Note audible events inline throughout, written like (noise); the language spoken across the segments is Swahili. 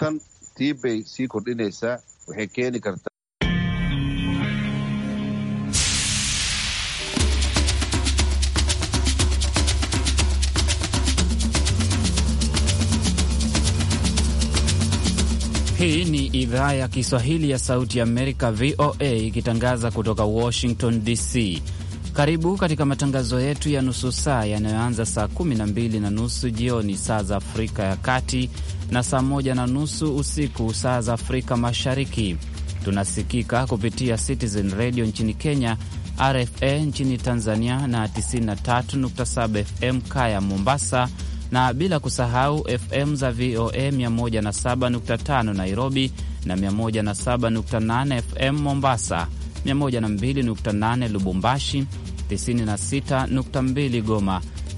tan tii bay sii kordhinaysaa waxay keeni kartaa Hii ni idhaa ya Kiswahili ya Sauti ya Amerika, VOA, ikitangaza kutoka Washington DC. Karibu katika matangazo yetu ya nusu saa yanayoanza saa 12 na nusu jioni saa za Afrika ya Kati na saa moja na nusu usiku saa za Afrika Mashariki. Tunasikika kupitia Citizen Radio nchini Kenya, RFA nchini Tanzania na 93.7 FM Kaya Mombasa, na bila kusahau FM za VOA 107.5 Nairobi na 107.8 FM Mombasa, 102.8 Lubumbashi, 96.2 Goma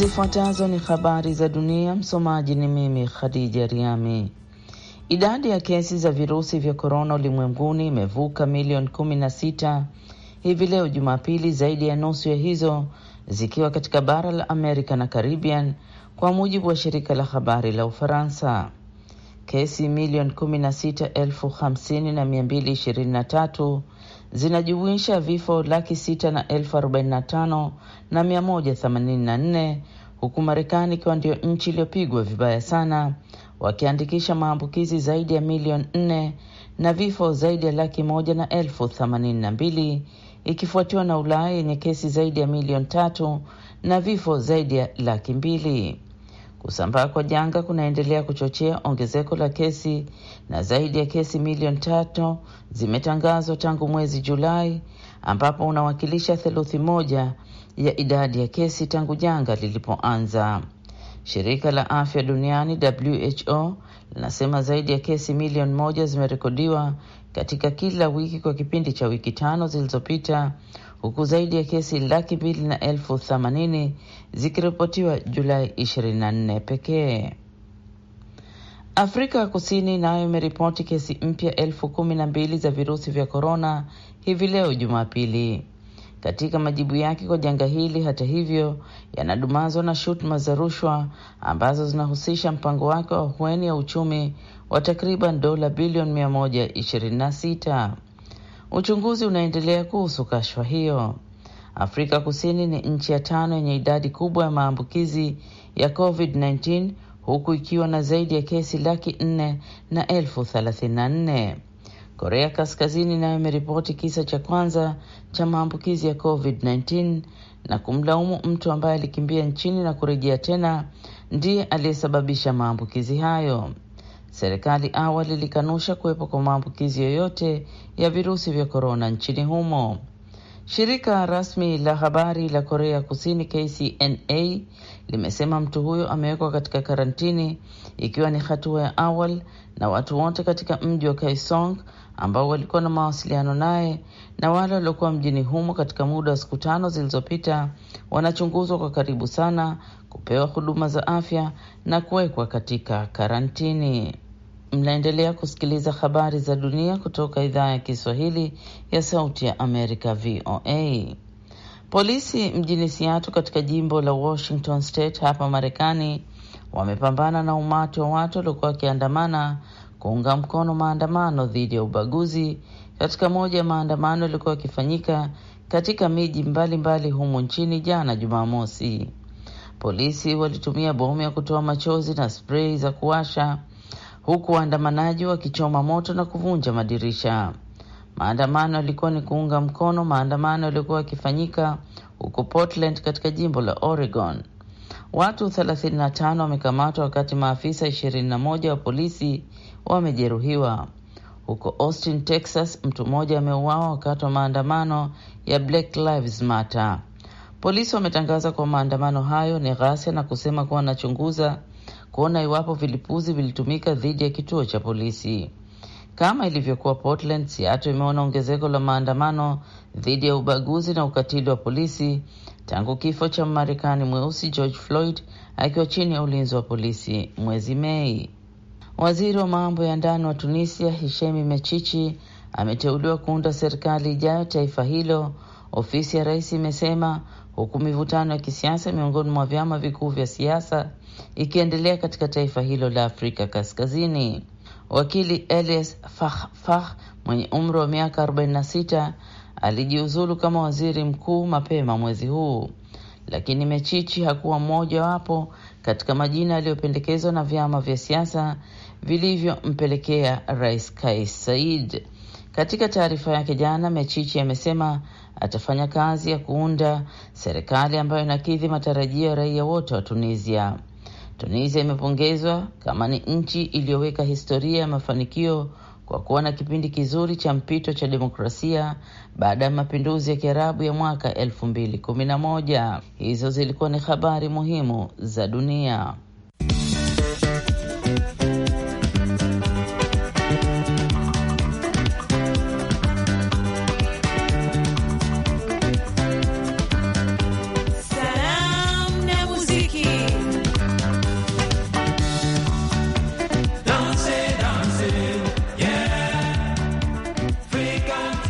Zifuatazo ni habari za dunia. Msomaji ni mimi Khadija Riami. Idadi ya kesi za virusi vya korona ulimwenguni imevuka milioni 16 hivi leo Jumapili, zaidi ya nusu ya hizo zikiwa katika bara la Amerika na Caribbean, kwa mujibu wa shirika la habari la Ufaransa. Kesi milioni 16,050 na 223 zinajumuisha vifo laki sita na elfu arobaini na tano na mia moja themanini na nne huku Marekani ikiwa ndio nchi iliyopigwa vibaya sana wakiandikisha maambukizi zaidi ya milioni nne na vifo zaidi ya laki moja na elfu themanini na mbili ikifuatiwa na Ulaya yenye kesi zaidi ya milioni tatu na vifo zaidi ya laki mbili. Kusambaa kwa janga kunaendelea kuchochea ongezeko la kesi na zaidi ya kesi milioni tatu zimetangazwa tangu mwezi Julai, ambapo unawakilisha theluthi moja ya idadi ya kesi tangu janga lilipoanza. Shirika la afya duniani WHO linasema zaidi ya kesi milioni moja zimerekodiwa katika kila wiki kwa kipindi cha wiki tano zilizopita, huku zaidi ya kesi laki mbili na elfu themanini zikiripotiwa Julai 24 pekee. Afrika ya Kusini nayo imeripoti kesi mpya elfu kumi na mbili za virusi vya korona hivi leo Jumapili. Katika majibu yake kwa janga hili, hata hivyo, yanadumazwa na shutuma za rushwa ambazo zinahusisha mpango wake wa hueni ya uchumi wa takriban dola bilioni 126. Uchunguzi unaendelea kuhusu kashfa hiyo. Afrika Kusini ni nchi ya tano yenye idadi kubwa ya maambukizi ya COVID-19 huku ikiwa na zaidi ya kesi laki nne na elfu thelathini na nne. Korea Kaskazini nayo imeripoti kisa cha kwanza cha maambukizi ya COVID-19 na kumlaumu mtu ambaye alikimbia nchini na kurejea tena ndiye aliyesababisha maambukizi hayo. Serikali awali ilikanusha kuwepo kwa maambukizi yoyote ya virusi vya korona nchini humo. Shirika rasmi la habari la Korea Kusini KCNA limesema mtu huyo amewekwa katika karantini ikiwa ni hatua ya awali, na watu wote katika mji wa Kaesong ambao walikuwa na mawasiliano naye na wale waliokuwa mjini humo katika muda wa siku tano zilizopita wanachunguzwa kwa karibu sana, kupewa huduma za afya na kuwekwa katika karantini. Mnaendelea kusikiliza habari za dunia kutoka idhaa ya Kiswahili ya Sauti ya Amerika, VOA. Polisi mjini Seattle katika jimbo la Washington State hapa Marekani wamepambana na umati wa watu waliokuwa wakiandamana kuunga mkono maandamano dhidi ya ubaguzi katika moja ya maandamano yaliokuwa yakifanyika katika miji mbalimbali humo nchini jana Jumamosi. Polisi walitumia bomu ya kutoa machozi na sprei za kuwasha huku waandamanaji wakichoma moto na kuvunja madirisha. Maandamano yalikuwa ni kuunga mkono maandamano yaliyokuwa yakifanyika huko Portland katika jimbo la Oregon. Watu 35 wamekamatwa wakati maafisa 21 wa polisi wamejeruhiwa. Huko Austin, Texas, mtu mmoja ameuawa wakati wa maandamano ya Black Lives Matter. Polisi wametangaza kuwa maandamano hayo ni ghasia na kusema kuwa wanachunguza kuona iwapo vilipuzi vilitumika dhidi ya kituo cha polisi. Kama ilivyokuwa Portland, Seattle imeona ongezeko la maandamano dhidi ya ubaguzi na ukatili wa polisi tangu kifo cha Mmarekani mweusi George Floyd akiwa chini ya ulinzi wa polisi mwezi Mei. Waziri wa mambo ya ndani wa Tunisia Hishemi Mechichi ameteuliwa kuunda serikali ijayo taifa hilo, ofisi ya rais imesema, huku mivutano ya kisiasa miongoni mwa vyama vikuu vya siasa ikiendelea katika taifa hilo la Afrika Kaskazini. Wakili Elias Fakhfakh mwenye umri wa miaka 46 alijiuzulu kama waziri mkuu mapema mwezi huu, lakini Mechichi hakuwa mmojawapo katika majina yaliyopendekezwa na vyama vya siasa vilivyompelekea rais Kais said Katika taarifa yake jana, Mechichi amesema atafanya kazi ya kuunda serikali ambayo inakidhi matarajio ya raia wote wa Tunisia. Tunisia imepongezwa kama ni nchi iliyoweka historia ya mafanikio kwa kuwa na kipindi kizuri cha mpito cha demokrasia baada ya mapinduzi ya Kiarabu ya mwaka elfu mbili kumi na moja. Hizo zilikuwa ni habari muhimu za dunia.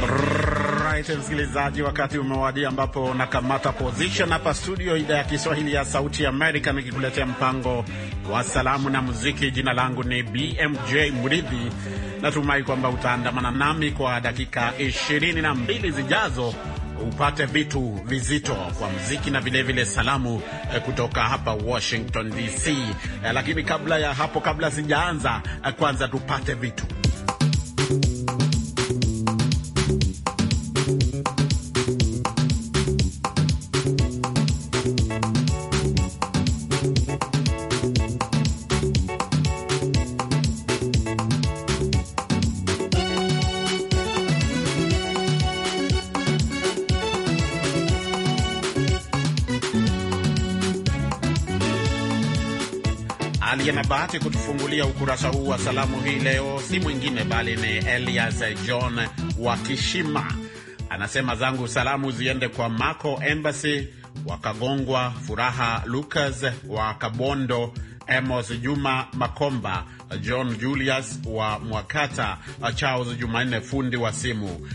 Right, msikilizaji, wakati umewadia ambapo nakamata position hapa studio, idhaa ya Kiswahili ya Sauti Amerika, nikikuletea mpango wa salamu na muziki. Jina langu ni BMJ Mridhi. Natumai kwamba utaandamana nami kwa dakika ishirini na mbili zijazo upate vitu vizito kwa mziki na vilevile salamu eh, kutoka hapa Washington DC. Eh, lakini kabla ya hapo, kabla sijaanza, eh, kwanza tupate vitu bahati kutufungulia ukurasa huu wa salamu hii leo si mwingine bali ni Elias John wa Kishima. Anasema zangu salamu ziende kwa Marco Embassy wa Kagongwa, Furaha Lucas wa Kabondo, Amos Juma Makomba, John Julius wa Mwakata, Charles Jumanne fundi wa simu.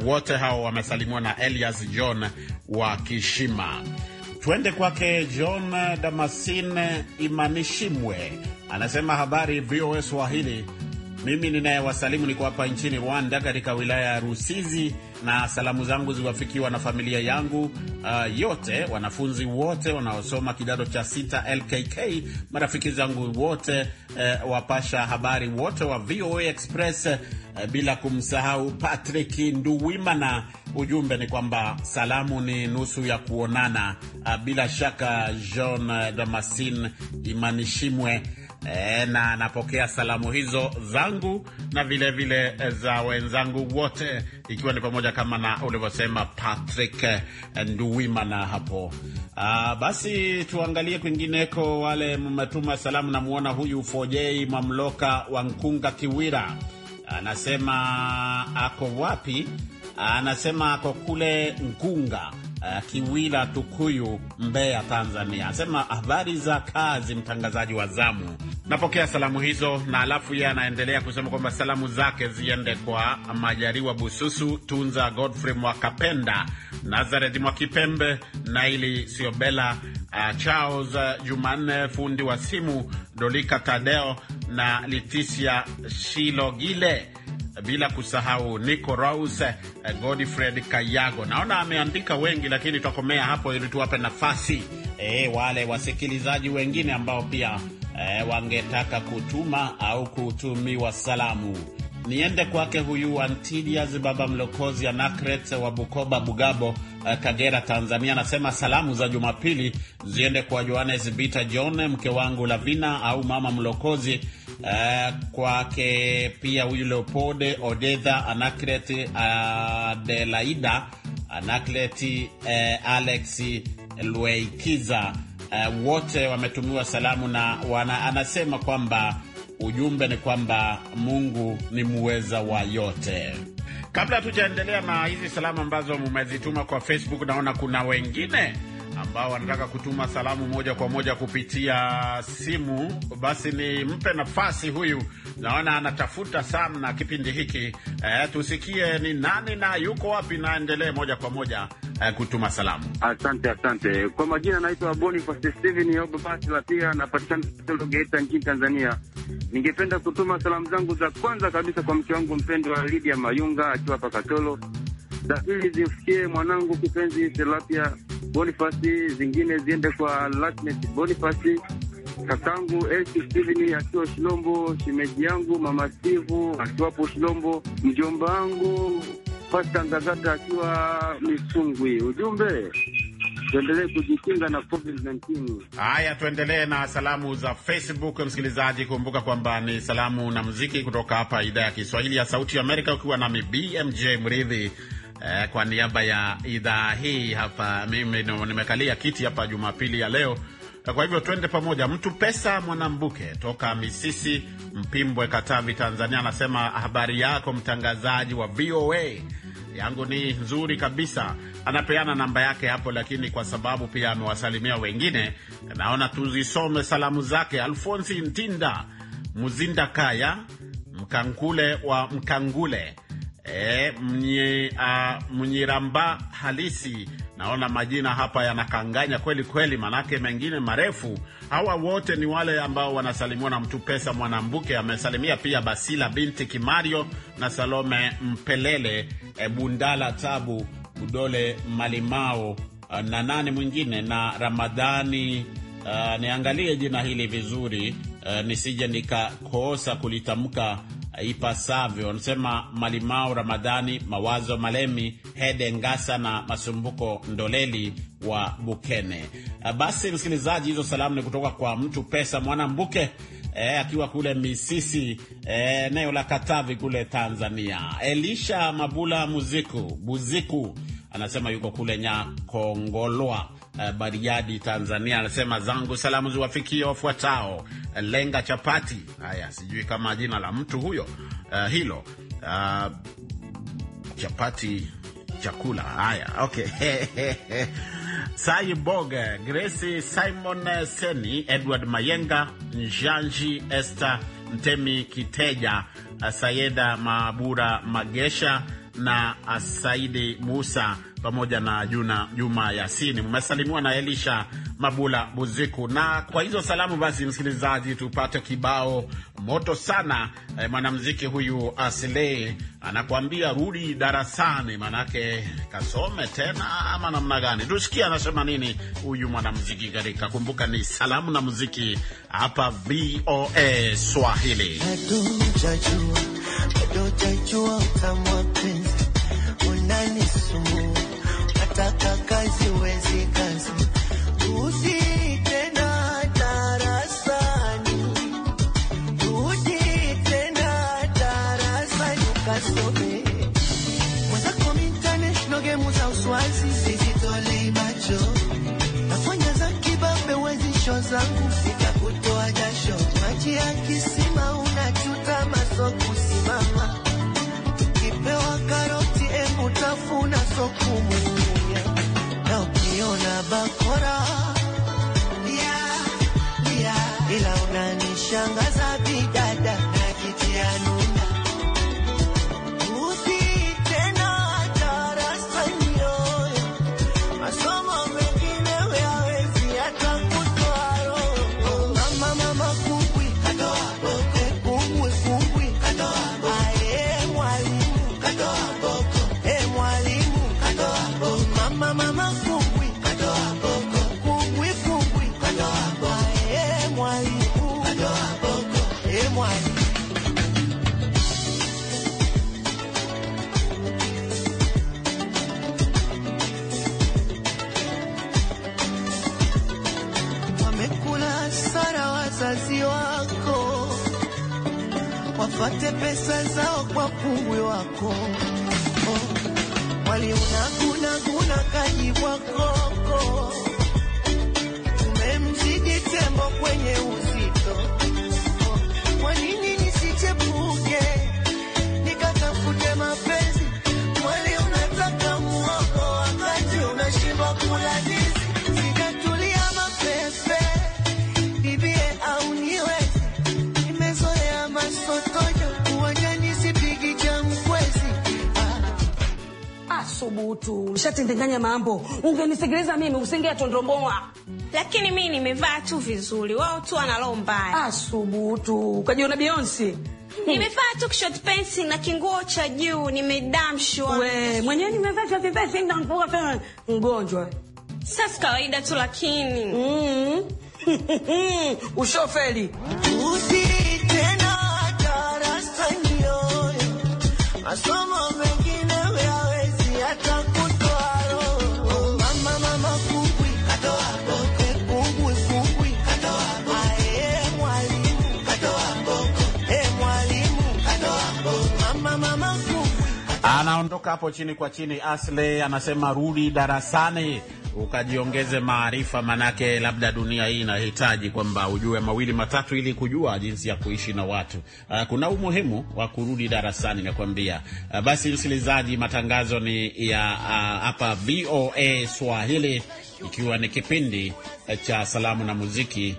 Uh, wote hao wamesalimiwa na Elias John wa Kishima. Twende kwake John Damasine Imanishimwe anasema habari VOA Swahili. Mimi ninayewasalimu niko hapa nchini Rwanda, katika wilaya ya Rusizi, na salamu zangu ziwafikiwa na familia yangu uh, yote, wanafunzi wote wanaosoma kidato cha sita LKK, marafiki zangu wote uh, wapasha habari wote wa VOA Express uh, bila kumsahau Patrick Nduwimana. Ujumbe ni kwamba salamu ni nusu ya kuonana. Uh, bila shaka Jean Damascene Imanishimwe e, na napokea salamu hizo zangu na vilevile vile eh, za wenzangu wote, ikiwa ni pamoja kama na ulivyosema Patrick eh, Nduwimana hapo. Aa, ah, basi tuangalie kwingineko, wale mmetuma salamu. Namuona huyu Fojei Mamloka wa Nkunga Kiwira, anasema ako wapi? Anasema ako kule Nkunga uh, Kiwila Tukuyu, Mbeya, Tanzania, asema habari za kazi, mtangazaji wa zamu. Napokea salamu hizo, na alafu yeye anaendelea kusema kwamba salamu zake ziende kwa Majariwa Bususu, Tunza Godfrey Mwakapenda, Nazareth Mwakipembe, Naili Siobela, uh, Charles uh, Jumanne fundi wa simu, Dolika Tadeo na litisia Shilogile bila kusahau Nico Rose, eh, Godfred Kayago. Naona ameandika wengi, lakini tutakomea hapo ili tuwape nafasi e, wale wasikilizaji wengine ambao pia e, wangetaka kutuma au kutumiwa salamu niende kwake huyu Antidias Baba Mlokozi Anakret wa Bukoba Bugabo, eh, Kagera, Tanzania. Anasema salamu za Jumapili ziende kwa Johannes Bita John, mke wangu Lavina au mama Mlokozi. Uh, kwake pia huyu leopode Odedha Anaklet Adelaida Anakleti uh, eh, Alex Lweikiza uh, wote wametumiwa salamu na wana, anasema kwamba ujumbe ni kwamba Mungu ni muweza wa yote. Kabla hatujaendelea na hizi salamu ambazo mmezituma kwa Facebook, naona kuna wengine ambao wanataka kutuma salamu moja kwa moja kupitia simu. Basi nimpe nafasi huyu, naona anatafuta sana kipindi hiki e, tusikie ni nani na yuko wapi, naendelee moja kwa moja Eh, kutuma salamu. Asante, asante. Kwa majina naitwa Boniface Steven Obabasila, pia napatikana Geita nchini Tanzania. Ningependa kutuma salamu zangu za kwanza kabisa kwa mke wangu mpendwa Lidia Mayunga akiwa hapa Katolo. Za pili zimfikie mwanangu kipenzi Selapia Bonifasi, zingine ziende kwa Latnet Bonifasi, kakangu Esi Steveni akiwa Shilombo, shimeji yangu mama Stivu akiwapo Shilombo, mjomba wangu Pasta Ngagata akiwa Misungwi, ujumbe tuendelee kujikinga na COVID-19. Haya, tuendelee na salamu za Facebook. Msikilizaji, kumbuka kwamba ni salamu na mziki kutoka hapa idhaa ya Kiswahili ya Sauti ya Amerika, ukiwa nami BMJ Mridhi eh, kwa niaba ya idhaa hii hapa. Mimi nimekalia kiti hapa Jumapili ya leo, eh, kwa hivyo twende pamoja. Mtu Pesa Mwanambuke toka Misisi Mpimbwe, Katavi, Tanzania, anasema habari yako mtangazaji wa VOA yangu ni nzuri kabisa. Anapeana namba yake hapo, lakini kwa sababu pia amewasalimia wengine, naona tuzisome salamu zake. Alfonsi Ntinda Muzinda Kaya Mkankule wa Mkangule e, mnye, uh, Mnyiramba halisi. Naona majina hapa yanakanganya kweli kweli, manake mengine marefu Hawa wote ni wale ambao wanasalimiwa na mtu pesa Mwanambuke. Amesalimia pia Basila binti Kimario na Salome Mpelele, e, Bundala Tabu Udole Malimao eh, na nane mwingine na Ramadhani. Uh, niangalie jina hili vizuri uh, nisije nikakosa kulitamka ipasavyo. anasema Malimao Ramadhani, Mawazo Malemi, Hede Ngasa na Masumbuko Ndoleli wa Bukene. Eh, basi msikilizaji, hizo salamu ni kutoka kwa mtu pesa Mwanambuke e, akiwa kule Misisi eh, eneo la Katavi kule Tanzania. Elisha Mabula Muziku Buziku anasema yuko kule Nyakongolwa e, Bariadi Tanzania. Anasema zangu salamu ziwafikie wafuatao: Lenga Chapati, haya sijui kama jina la mtu huyo uh, hilo uh, chapati chakula haya okay (laughs) Sai Boga, Grace Simon Seni, Edward Mayenga, Njanji Esther ntemi Kiteja, Sayeda Maabura Magesha na Saidi Musa pamoja na Juna Juma Yasini. Mmesalimiwa na Elisha Mabula Buziku. Na kwa hizo salamu, basi msikilizaji, tupate kibao moto sana. E, eh, mwanamziki huyu Asley anakuambia rudi darasani, manake kasome tena ama namna gani? Tusikie anasema nini huyu mwanamziki katika. Kumbuka ni salamu na muziki hapa VOA Swahili. Bado jajua utamu wa unataka kazi uwezi kazi zangu sitakutoa jasho, maji ya kisima unachuta maso kusimama, kipewa karoti embu tafuna sokumu bakora, yeah, yeah, ila unanishangaza Ubutu, ushatendenganya mambo. Ungenisikiliza mimi usingeatondomoa. Lakini mimi nimevaa tu vizuri, wao tu wanalo mbaya. Asubutu, ah, ukajiona Beyonce. Hmm. Nimevaa tu short pants na kinguo cha juu, nimedamshwa. We, mwenyewe nimevaa short pants na nguo sana. Mgonjwa. Sasa kawaida tu lakini. Mm. (laughs) Ushofeli. Usi tena darasa ndio. Masomo Anaondoka hapo chini kwa chini. Asley anasema rudi darasani ukajiongeze maarifa, manake labda dunia hii inahitaji kwamba ujue mawili matatu ili kujua jinsi ya kuishi na watu. Uh, kuna umuhimu wa kurudi darasani nakwambia. Uh, basi msikilizaji, matangazo ni ya ah, hapa uh, VOA Swahili ikiwa ni kipindi cha salamu na muziki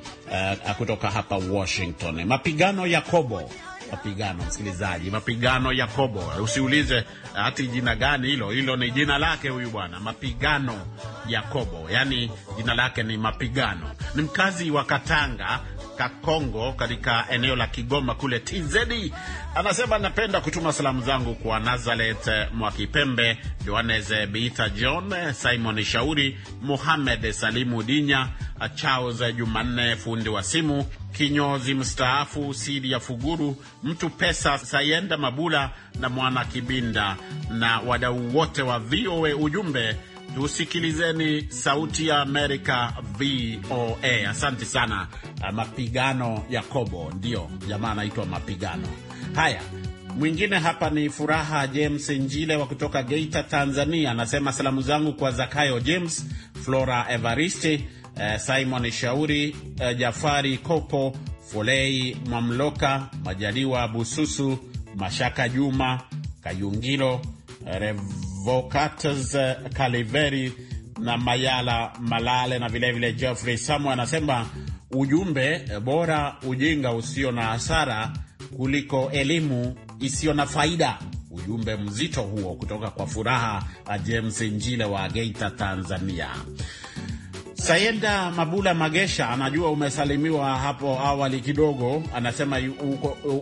uh, kutoka hapa Washington. Mapigano ya Kobo mapigano. Msikilizaji, mapigano Yakobo, usiulize hati eh, jina gani hilo, hilo ni jina lake huyu bwana, mapigano Yakobo, yaani jina lake ni mapigano. Ni mkazi wa Katanga Kakongo, katika eneo la Kigoma kule TZ. Anasema napenda kutuma salamu zangu kwa Nazareth eh, Mwakipembe, Johannes eh, Biita, John Simon Shauri, Mohamed Salimu Dinya Charles Jumanne, fundi wa simu, kinyozi mstaafu sidi ya Fuguru, mtu pesa Sayenda Mabula na Mwana Kibinda na wadau wote wa VOA. Ujumbe tusikilizeni Sauti ya Amerika, VOA. Asante sana. Ah, mapigano Yakobo, ndiyo jamaa anaitwa Mapigano. Haya, mwingine hapa ni Furaha James Njile wa kutoka Geita, Tanzania, anasema salamu zangu kwa Zakayo James, Flora Evaristi Eh, Simon Shauri, eh, Jafari Kopo, Folei mamloka Majaliwa Bususu, Mashaka Juma, Kayungilo, eh, Revocatus Kaliveri na Mayala Malale na vilevile Geoffrey Samu. Anasema ujumbe bora ujinga usio na hasara kuliko elimu isiyo na faida. Ujumbe mzito huo kutoka kwa Furaha James Njile wa Geita, Tanzania. Sayenda Mabula Magesha, anajua umesalimiwa hapo awali kidogo, anasema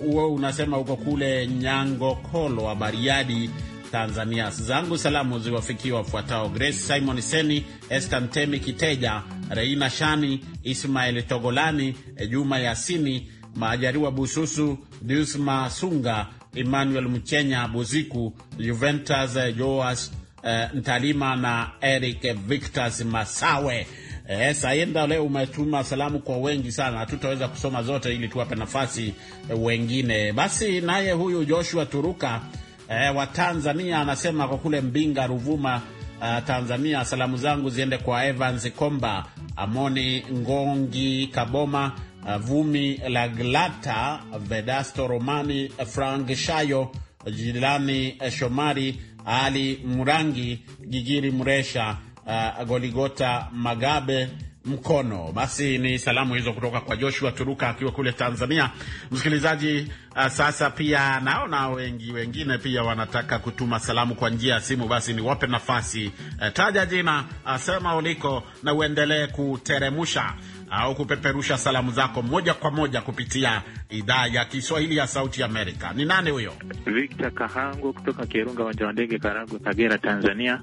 uo unasema uko kule Nyangokolo wa Bariadi, Tanzania. Zangu salamu ziwafikie wafuatao: Grace Simon Seni, Esther Ntemi Kiteja, Reina Shani, Ismail Togolani, Juma Yasini, Majariwa Bususu, Diusma Sunga, Emmanuel Mchenya Buziku, Juventus Joas, uh, Ntalima na Eric Victor Masawe. Eh, Sayenda, leo umetuma salamu kwa wengi sana, hatutaweza kusoma zote ili tuwape nafasi eh, wengine. Basi naye huyu Joshua Turuka eh, wa Tanzania anasema kwa kule Mbinga Ruvuma, uh, Tanzania, salamu zangu ziende kwa Evans Komba, Amoni Ngongi Kaboma, uh, Vumi Laglata, Vedasto Romani, Frank Shayo, Jilani eh, Shomari, Ali Murangi, Gigiri Muresha uh, Goligota Magabe mkono. Basi ni salamu hizo kutoka kwa Joshua Turuka akiwa kule Tanzania. Msikilizaji, uh, sasa pia naona wengi wengine pia wanataka kutuma salamu kwa njia ya simu, basi niwape nafasi. Uh, taja jina, uh, sema uliko na uendelee kuteremusha au kupeperusha salamu zako moja kwa moja kupitia idhaa ya Kiswahili ya Sauti Amerika. Ni nani huyo? Victor Kahango kutoka Kirunga, uwanja wa ndege Karagwe, Kagera, Tanzania.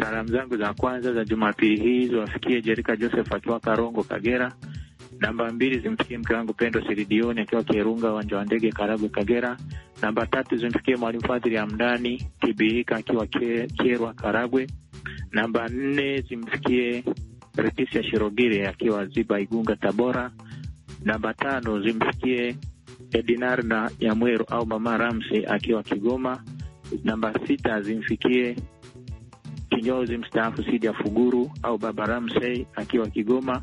Salamu zangu za kwanza za Jumapili hii ziwafikie Jerika Joseph akiwa Karongo, Kagera. Namba mbili zimfikie mke wangu Pendo Siridioni akiwa Kierunga, uwanja wa ndege Karagwe, Kagera. Namba tatu zimfikie Mwalimu Fadhili Amdani Kibirika akiwa Kierwa, Karagwe. Namba nne zimfikie Retisia Shirogire akiwa Ziba, Igunga, Tabora. Namba tano zimfikie Edinarda Yamweru au Mama Ramsi akiwa Kigoma. Namba sita zimfikie Jozi mstaafu Sidi Afuguru au Baba Ramsey akiwa Kigoma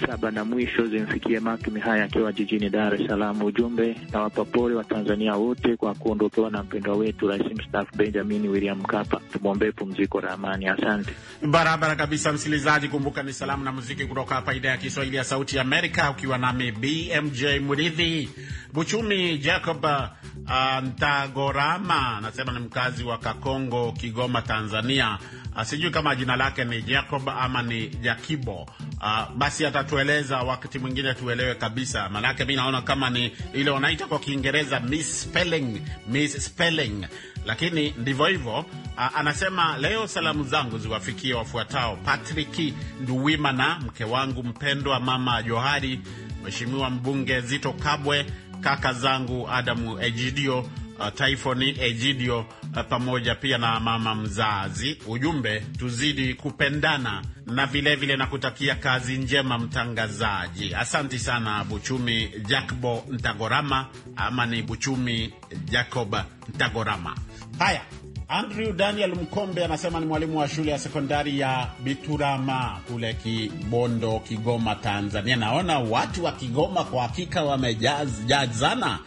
saba na mwisho zimfikie Makimi haya akiwa jijini Dar es Salaam. Ujumbe na wapapole wa Tanzania wote kwa kuondokewa na mpendwa wetu Rais mstaafu Benjamin William Mkapa, tumwombee pumziko la amani. Asante barabara kabisa. Msikilizaji, kumbuka ni salamu na muziki kutoka hapa idhaa ya Kiswahili ya Sauti ya Amerika, ukiwa nami BMJ Mridhi Buchumi. Jacob uh, Ntagorama anasema ni mkazi wa Kakongo, Kigoma, Tanzania Ah, sijui kama jina lake ni Jacob ama ni Jakibo. Uh, basi atatueleza wakati mwingine tuelewe kabisa, maanake mi naona kama ni ile wanaita kwa Kiingereza misspelling, misspelling, lakini ndivyo hivyo. Uh, anasema leo salamu zangu ziwafikie wafuatao: Patrick Nduwimana, mke wangu mpendwa, mama Johari, Mheshimiwa mbunge Zito Kabwe, kaka zangu Adamu Ejidio, uh, Typhoni Ejidio Eh, pamoja pia na mama mzazi. Ujumbe, tuzidi kupendana na vilevile vile na kutakia kazi njema mtangazaji. Asanti sana Buchumi Jacobo Ntagorama, ama ni Buchumi Jacob Ntagorama. Haya, Andrew Daniel Mkombe anasema ni mwalimu wa shule ya sekondari ya Biturama kule Kibondo, Kigoma, Tanzania. Naona watu wa Kigoma kwa hakika wamejazana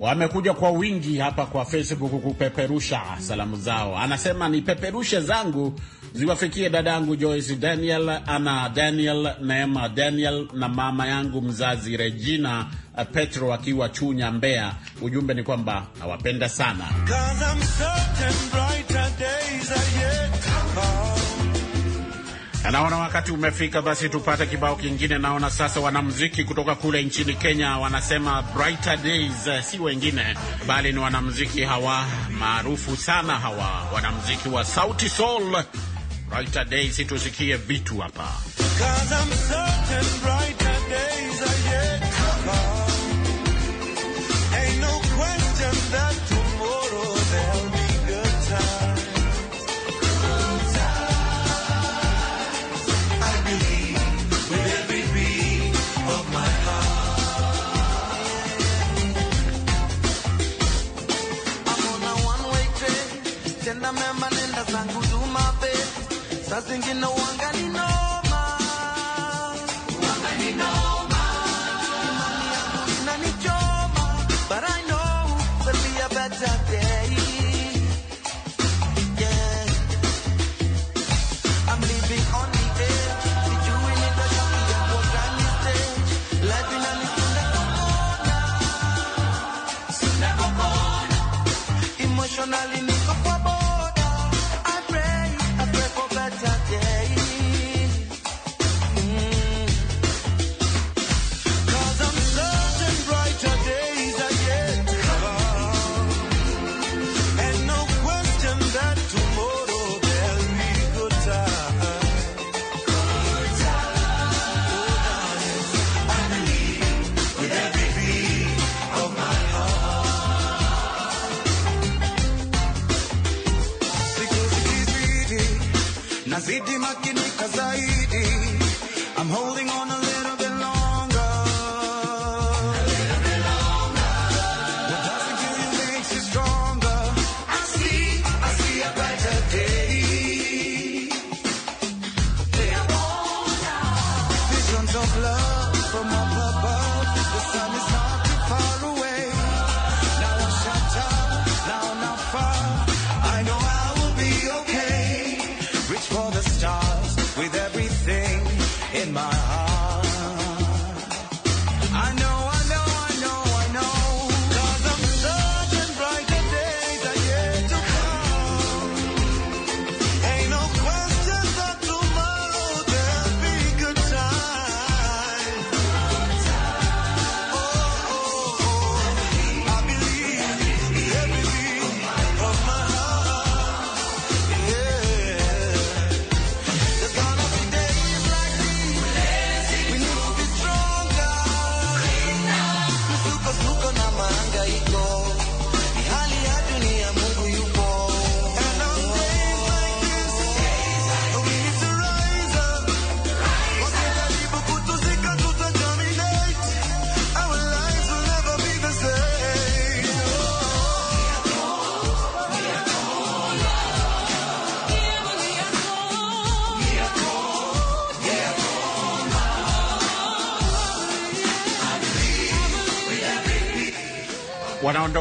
wamekuja kwa wingi hapa kwa Facebook kupeperusha salamu zao. Anasema ni peperushe zangu ziwafikie dadangu Joyce Daniel, ana Daniel, Neema Daniel na mama yangu mzazi Regina eh, Petro akiwa Chunya, Mbeya. Ujumbe ni kwamba nawapenda sana. Naona wakati umefika basi tupate kibao kingine. Naona sasa wanamuziki kutoka kule nchini Kenya wanasema brighter days, eh, si wengine bali ni wanamuziki hawa maarufu sana hawa wanamuziki wa Sauti Sol. Brighter days, tusikie vitu hapa. Nothing in the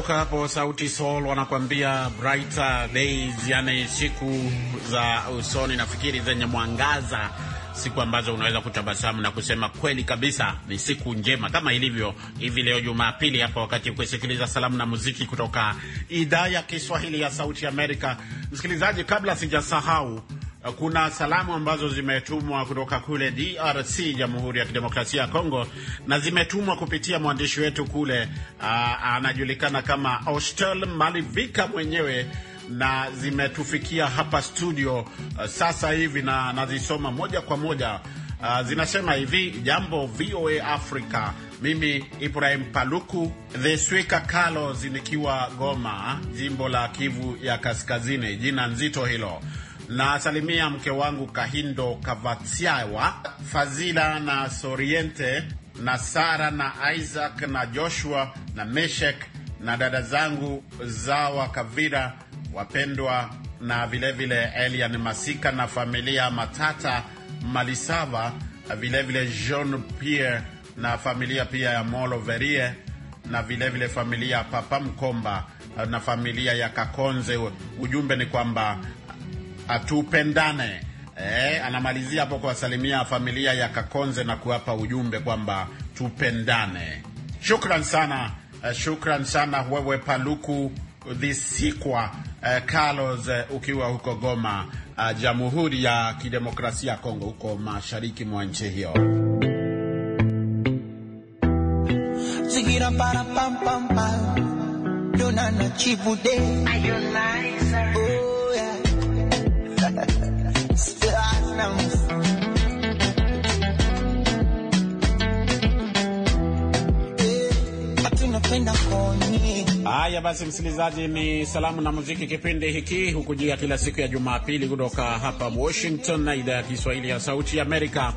kutoka hapo Sauti Sol wanakuambia brighter days, yani siku za usoni, nafikiri zenye mwangaza, siku ambazo unaweza kutabasamu na kusema kweli kabisa ni siku njema, kama ilivyo hivi leo Jumapili hapa, wakati kusikiliza salamu na muziki kutoka idhaa ya Kiswahili ya Sauti Amerika. Msikilizaji, kabla sijasahau kuna salamu ambazo zimetumwa kutoka kule DRC, Jamhuri ya Kidemokrasia ya Kongo, na zimetumwa kupitia mwandishi wetu kule uh, anajulikana kama Ostel Malivika mwenyewe na zimetufikia hapa studio uh, sasa hivi na nazisoma moja kwa moja. Uh, zinasema hivi: jambo VOA Africa, mimi Ibrahim Paluku the Swika Carlos nikiwa Goma, jimbo la Kivu ya Kaskazini. Jina nzito hilo salimia mke wangu Kahindo Kavatsiawa, Fazila na Soriente na Sara na Isaac na Joshua na Meshek na dada zangu Zawa Kavira wapendwa, na vilevile vile Elian Masika na familia Matata Malisava, vilevile vile Jean Pierre na familia pia ya Molo Verie na vilevile vile familia Papa Mkomba na familia ya Kakonze. Ujumbe ni kwamba tupendane. Eh, anamalizia hapo kuwasalimia familia ya Kakonze na kuwapa ujumbe kwamba tupendane. Shukran sana, eh, shukran sana wewe Paluku Dhisikwa eh, Carlos eh, ukiwa huko Goma eh, Jamhuri ya Kidemokrasia ya Kongo huko mashariki mwa nchi hiyo. kwenda koni. haya. Basi msikilizaji, ni salamu na muziki. Kipindi hiki hukujia kila siku ya Jumapili kutoka hapa Washington na idhaa ya Kiswahili ya Sauti ya Amerika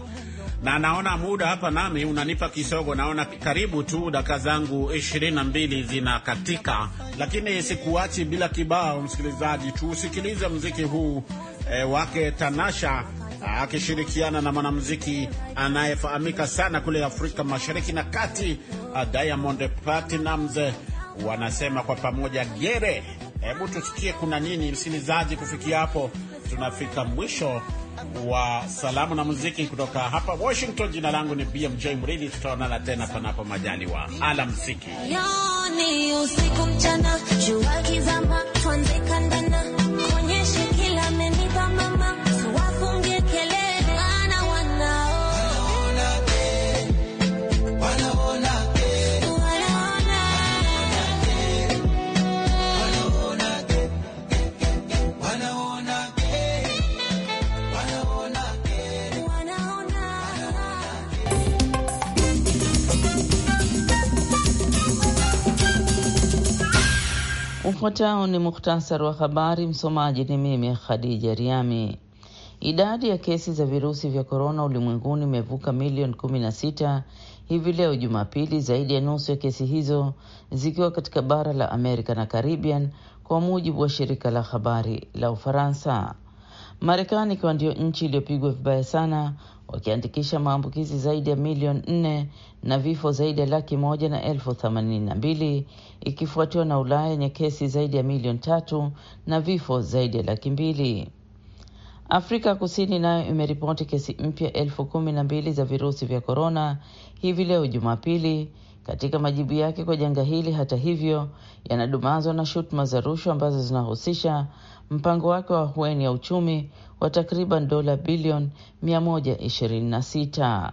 na naona muda hapa nami unanipa kisogo. Naona karibu tu daka zangu ishirini na mbili zinakatika, lakini sikuachi bila kibao. Msikilizaji, tuusikilize muziki huu e, wake Tanasha akishirikiana na mwanamuziki anayefahamika sana kule Afrika Mashariki na Kati, uh, Diamond Platnumz. Wanasema kwa pamoja gere. Hebu tusikie kuna nini, msikilizaji. Kufikia hapo, tunafika mwisho wa salamu na muziki kutoka hapa Washington. Jina langu ni BMJ Mridhi, tutaonana tena panapo majali wa majaliwa. Alamsiki. Yaani Ufuatao ni muhtasari wa habari. Msomaji ni mimi Khadija Riami. Idadi ya kesi za virusi vya korona ulimwenguni imevuka milioni 16 hivi leo Jumapili, zaidi ya nusu ya kesi hizo zikiwa katika bara la Amerika na Caribbean, kwa mujibu wa shirika la habari la Ufaransa. Marekani ikiwa ndio nchi iliyopigwa vibaya sana, wakiandikisha maambukizi zaidi ya milioni nne na vifo zaidi ya laki moja na elfu themanini na mbili ikifuatiwa na Ulaya yenye kesi zaidi ya milioni tatu na vifo zaidi ya laki mbili. Afrika Kusini nayo imeripoti kesi mpya elfu kumi na mbili za virusi vya korona hivi leo Jumapili, katika majibu yake kwa janga hili, hata hivyo, yanadumazwa na shutuma za rushwa ambazo zinahusisha mpango wake wa hueni ya uchumi wa takriban dola bilioni 126.